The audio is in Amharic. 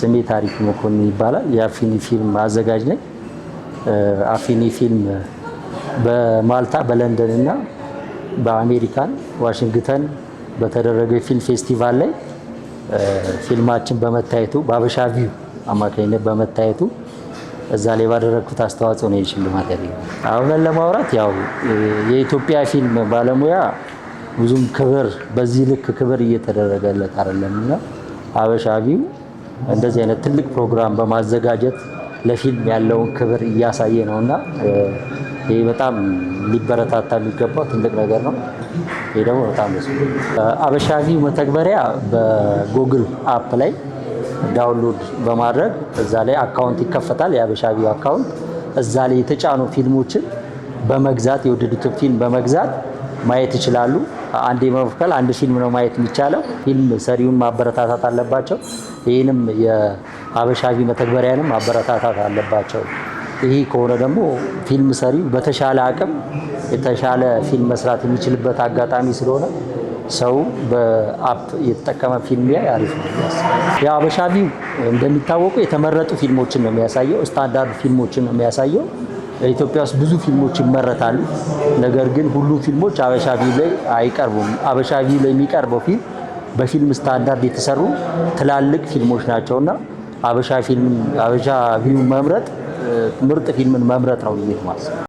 ስሜ ታሪክ መኮንን ይባላል። የአፊኒ ፊልም አዘጋጅ ነኝ። አፊኒ ፊልም በማልታ በለንደን እና በአሜሪካን ዋሽንግተን በተደረገ ፊልም ፌስቲቫል ላይ ፊልማችን በመታየቱ በአበሻ ቪው አማካኝነት በመታየቱ እዛ ላይ ባደረግኩት አስተዋጽኦ ነው የሽልማት ያገኘ። አሁንን ለማውራት ያው የኢትዮጵያ ፊልም ባለሙያ ብዙም ክብር በዚህ ልክ ክብር እየተደረገለት አይደለምና አበሻ ቪው እንደዚህ አይነት ትልቅ ፕሮግራም በማዘጋጀት ለፊልም ያለውን ክብር እያሳየ ነው እና ይህ በጣም ሊበረታታ የሚገባው ትልቅ ነገር ነው። ይህ ደግሞ በጣም ደስ አበሻቪው መተግበሪያ በጉግል አፕ ላይ ዳውንሎድ በማድረግ እዛ ላይ አካውንት ይከፈታል። የአበሻቪው አካውንት እዛ ላይ የተጫኑ ፊልሞችን በመግዛት የወደዱትን ፊልም በመግዛት ማየት ይችላሉ። አንድ መክፈል አንድ ፊልም ነው ማየት የሚቻለው። ፊልም ሰሪውን ማበረታታት አለባቸው። ይህንም የአበሻቢ መተግበሪያንም ማበረታታት አለባቸው። ይህ ከሆነ ደግሞ ፊልም ሰሪው በተሻለ አቅም የተሻለ ፊልም መስራት የሚችልበት አጋጣሚ ስለሆነ ሰው በአፕ የተጠቀመ ፊልም ላይ አሪፍ ነው። የአበሻቢው እንደሚታወቀው የተመረጡ ፊልሞችን ነው የሚያሳየው፣ ስታንዳርድ ፊልሞችን ነው የሚያሳየው። ኢትዮጵያ ውስጥ ብዙ ፊልሞች ይመረታሉ። ነገር ግን ሁሉም ፊልሞች አበሻቢው ላይ አይቀርቡም። ቪው ላይ የሚቀርበው ፊልም በፊልም ስታንዳርድ የተሰሩ ትላልቅ ፊልሞች ናቸውና አበሻ ፊልም አበሻ ቪው መምረጥ ምርጥ ፊልምን መምረጥ ነው ብዬ